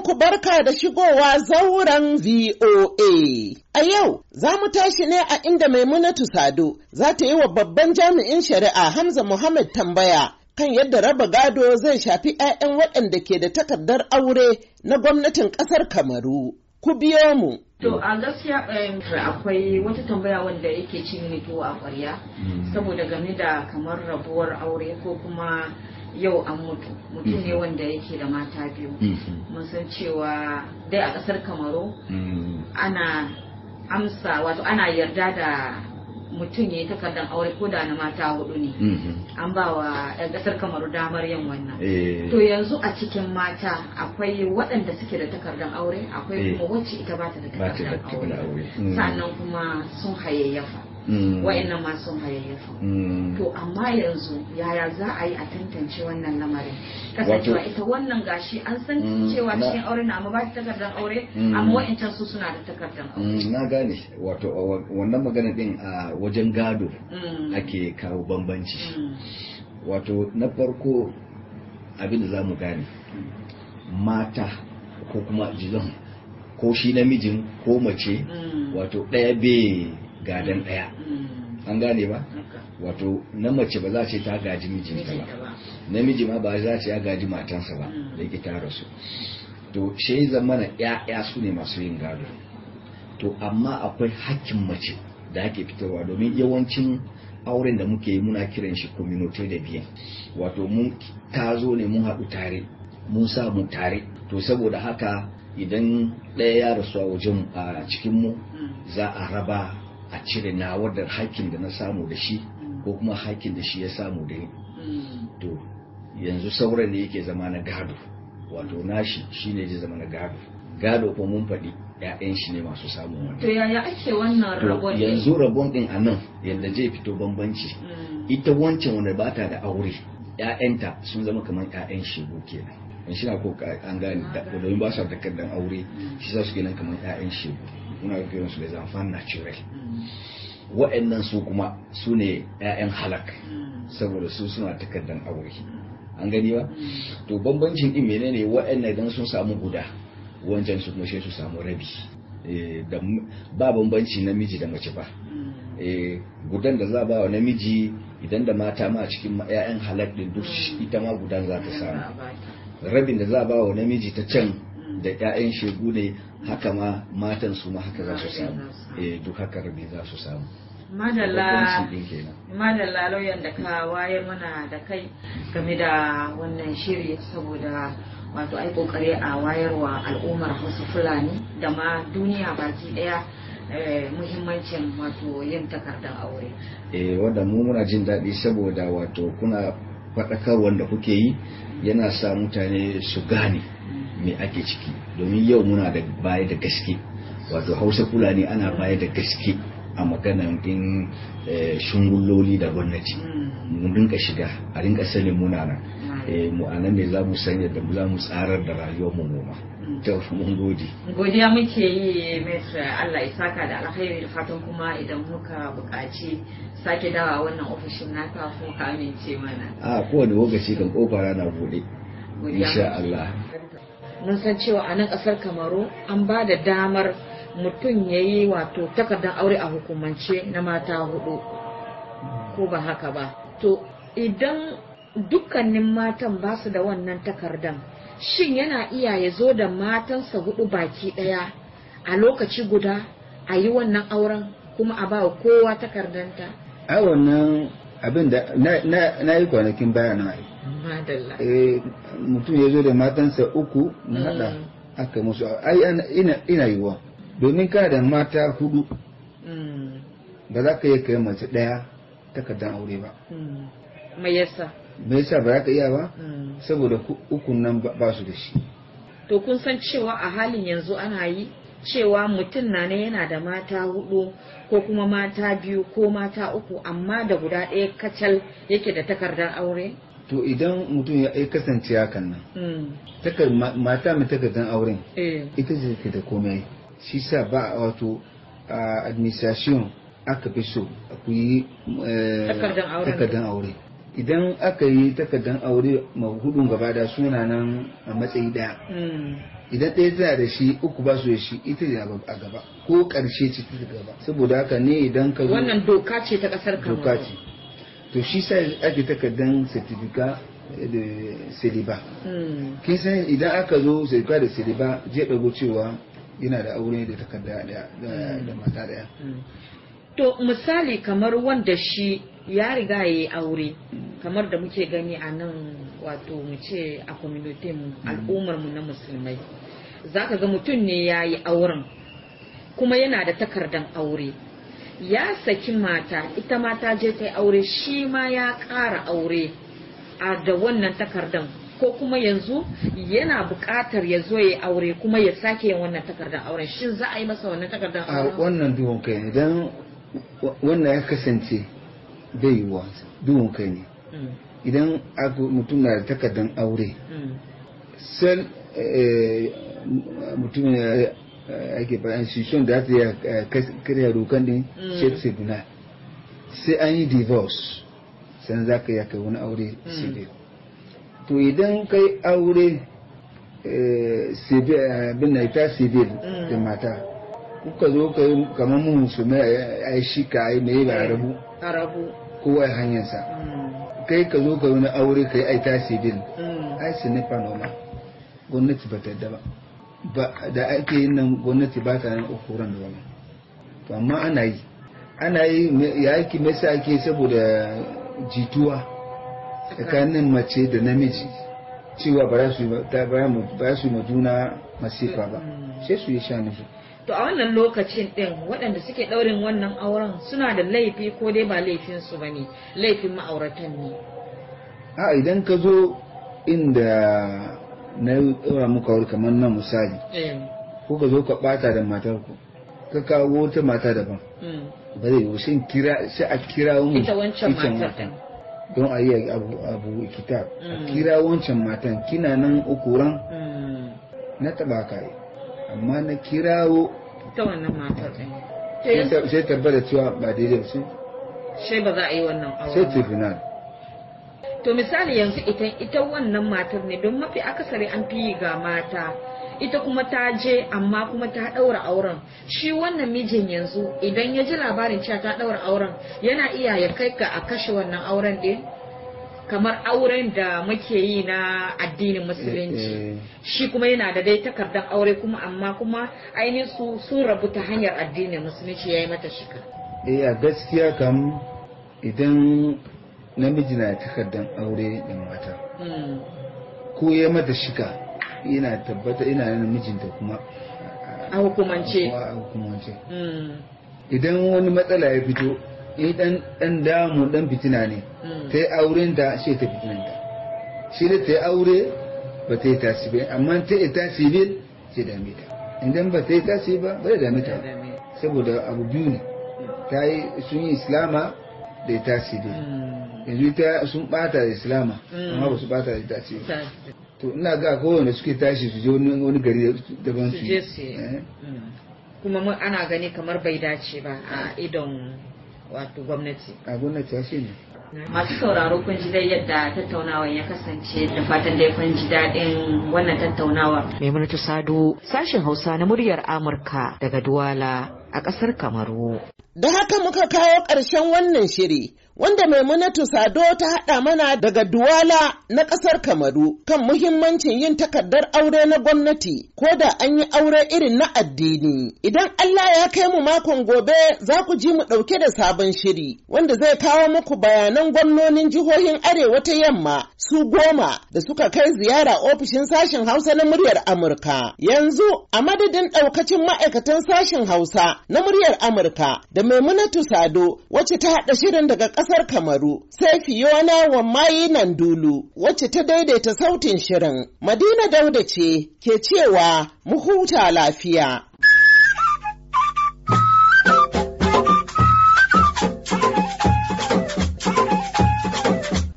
muku barka da shigowa zauren VOA. A yau za mu tashi ne a inda Maimunatu Sado za ta yi wa babban jami'in shari'a Hamza Muhammad tambaya kan yadda raba gado zai shafi 'ya'yan waɗanda ke da takardar aure na gwamnatin ƙasar Kamaru. Ku biyo mu. To a gaskiya akwai wata tambaya wanda yake cin tuwo a ƙwarya mm. saboda game da kamar rabuwar aure ko kuma yau an mutu mutum ne mm-hmm. wanda yake da mata biyu mm-hmm. mun san cewa dai a kasar kamaro, mm-hmm. ana amsa wato ana yarda da mutum ya yi takardar aure ko da na mata hudu ne an ba wa 'yan kasar kamaru damar yin wannan eh. to yanzu a cikin mata akwai waɗanda suke da takardar aure akwai eh. kuma wacce ita ba ta da takardar aure sannan kuma sun hayayyafa Mm. wa'annan ma sun hayayyafa mm. to amma yanzu yaya za a yi a tantance wannan lamarin kasancewa ita wannan gashi an san mm, cewa cikin aure na amma ba ta takardar aure amma wa'ancan su suna da takardar aure na gane wato wannan magana din a wajen gado ake kawo bambanci wato na farko abin da za mu gane mata ko kuma jilon ko shi namijin ko mace wato ɗaya bai gadan ɗaya mm. an gane ba wato na mace ba za ce ta gaji mijinta ba namiji ma ba za ce ya gaji matansa ba mm. da yake ta rasu to shi zamana ya'ya su ne masu yin gado to amma akwai hakkin mace da ake fitarwa domin yawancin auren da muke yi muna kiran shi community da biyan wato mun tazo ne mun haɗu tare mun sa mu tare to saboda haka idan ɗaya ya rasu a wajen a cikinmu mm. za a raba a cire na wadar hakin da na samu da shi ko kuma hakin da shi ya samu da ni to yanzu sauran ne yake zama na gado wato nashi shine ya zama na gado gado ko mun faɗi ‘ya'yan shi ne masu samun wani. To yaya ake wannan rabon ɗin? Yanzu rabon ɗin a nan yadda zai fito bambanci. Mm. Ita wancan wanda ba ta da aure ‘ya'yanta sun zama kamar ‘ya'yan shegu kenan. In shi na ko an gane domin ba su da aure mm. shi za su gina kamar ‘ya'yan shegu. muna kiransu da zamfan natural mm. wa'annan su kuma su ne 'ya'yan halak mm. saboda su suna takardar aure mm. an gani ba to bambancin din menene wa'annan dan sun samu guda wancan su kuma su samu rabi eh, ba bambanci namiji da mace ba eh, gudan da za ba wa namiji idan da mata ma a cikin 'ya'yan halak din duk ita ma gudan za ta samu rabin da za ba wa namiji ta can da 'ya'yan shegu ne haka ma matan su ma haka za su samu eh duk haka rabi za su samu madalla madalla lauyan da ka waye mana da kai game da wannan shiri saboda wato ai kokari a wayarwa al'ummar hausa fulani da ma duniya baki daya eh, muhimmancin wato yin takardar aure eh wanda mu muna jin daɗi saboda wato kuna faɗakar wanda kuke yi yana sa mutane su gane me ake ciki domin yau muna da baya da gaske wato hausa fulani ana baya da gaske a maganan din eh, shungulloli da gwamnati mu dinka shiga a rinka sanin muna nan eh, mu a ne za mu san yadda za mu tsarar da rayuwar mu noma ta mun gode godiya muke yi maitre Allah ya saka da alkhairi da fatan kuma idan muka buƙaci sake dawa wannan ofishin naka ko ka amince mana a kowane lokaci kan kofara na bude insha Allah mun san cewa a nan ƙasar kamaru an ba da damar mutum ya yi wato takardar aure a hukumance na mata hudu ko ba haka ba to idan dukkanin matan ba su da wannan takardan shin yana iya ya zo da matansa hudu baki daya a lokaci guda a yi wannan auren kuma a ba kowa takardanta a wannan abin da na yi kwanakin baya na yi eh, mutum ya zo da matansa uku na mm. hada aka musu ai ina yiwuwa domin kana da mata hudu mm. ba za ka yi kayan mace daya takardar aure ba mai mm. yasa mai yasa ba za ka iya ba saboda ukunan nan ba su da shi to kun san cewa a halin yanzu ana yi cewa mutum na ne yana da mata hudu ko kuma mata biyu ko mata uku amma da guda ɗaya kacal yake da takardar aure? To idan mutum ya kasance hakan nan, hmm. mata mai takardar auren eh. ita ce take da komai, shi sa ba a wato administration aka fi so a yi eh, takardar aure. idan aka yi takardar aure ma hudun gaba da suna nan a matsayi daya mm. idan ɗaya tana da shi uku ba su da shi ita ne a gaba ko ƙarshe ce ta gaba saboda haka ne idan ka zo wannan doka ce ta ƙasar kano. doka ce to shi sai ake takardar certificate da siliba mm. kin san idan aka zo seliba da siliba je ɗago cewa yana da aure da takarda da mm. mata daya to misali kamar wanda shi ya riga ya yi aure kamar da muke gani a nan wato mu ce a community mu mm. al'ummar mu na musulmai zaka ga mutum ne ya yi auren kuma yana da takardan aure ya saki mata ita mata ta je ta aure shi ma ya ƙara aure a da wannan takardan ko kuma yanzu yana buƙatar ya zo ya aure kuma ya sake yin wannan takardan auren shin za a yi masa wannan takardan auren wannan duhun kai idan wannan ya kasance bai yi wa duhun kai ne hmm. idan mutum na da takardar aure sel hmm. eh, eh, mutum ya eh, ake ba shishon da ta yi karya dokan din hmm. shek tribunal sai an yi divorce sai za ka yaka wani aure civil to idan kai aure abin na ita da mata kuka zo ka yi kamar su mai a yi shi ka yi mai ba rabu eh, kowa ya hanyarsa mm. kai ka zo ka yi wani aure ka yi ai tasirin mm. ai sinifa noma gwamnati ba ta ba da ake yin nan gwamnati ba ta nan ukuran da wani to amma ana yi ana yi ya ake mesa ake saboda jituwa tsakanin mace da namiji cewa ba za su yi ma juna masifa ba mm. sai su yi sha nufi to a wannan lokacin ɗin waɗanda suke ɗaurin wannan auren suna da laifi ko dai ba laifinsu ba ne laifin ma'auratan ne a idan ka zo inda na ɗora muka wuri kamar nan misali eh. ko ka zo ka ɓata da matar ku ka kawo wata mata daban hmm. ba zai yiwu sai kira sai a kira wani ita wancan matan don a yi abu abu kitab hmm. kira wancan matan kina nan ukuran hmm. na taɓa ka amma na kirawo ta wannan matar ɗin sai tabbata cewa ba daidai su sai ba za a yi wannan aure sai tribunal to misali yanzu ita ita wannan matar ne don mafi akasari an fi ga mata ita kuma ta je amma kuma ta ɗaura auren shi wannan mijin yanzu idan ya ji labarin cewa ta ɗaura auren yana iya ya kai ga a kashe wannan auren ɗin kamar auren da muke yi na addinin musulunci eh, eh. shi kuma yana da dai takardar aure kuma amma kuma ainihin su sun rabu ta hanyar addinin musulunci ya yi mata shika eh a gaskiya kam idan namiji na takardar aure da mata hmm. ko ya mata shika yana tabbata ina nan mijinta kuma a hukumance hmm. idan wani matsala ya fito ni dan dan damu dan fitina ne hmm. ta auren da shi ta fitinan ta shi ne ta aure ba ta yi tasi ba amma ta yi tasi sai dame ta idan ba ta yi tasi ba ba da dame ta saboda abu biyu ne ta yi sun yi islama da ya tasi bil hmm. yanzu ta sun bata da islama amma ba su bata hmm. da tasi ba to ina ga kowane suke tashi su je wani gari daban su eh? kuma ana gani kamar bai dace ba a idon wato gwamnati a gwamnati shi ne masu sauraro kun ji dai yadda tattaunawar ya kasance da fatan dai kun ji daɗin wannan tattaunawar maimuna sadu sashen hausa na muryar amurka daga duwala a ƙasar kamaru da haka muka kawo ƙarshen wannan shiri wanda Maimunatu Sado ta haɗa mana daga Duwala na ƙasar Kamaru kan muhimmancin yin takardar aure na gwamnati ko da an yi aure irin na addini. Idan Allah ya kai mu makon gobe za ku ji mu ɗauke da sabon shiri wanda zai kawo muku bayanan gwamnonin jihohin Arewa ta Yamma su goma da suka kai ziyara ofishin sashen Hausa na muryar Amurka. Yanzu a madadin ɗaukacin ma'aikatan sashen Hausa na muryar Amurka da Maimunatu Sado wacce ta haɗa shirin daga ƙasar kasar Kamaru sai Fiona nan dulu wacce ta daidaita sautin shirin. Madina Dauda ce ke cewa mu huta lafiya.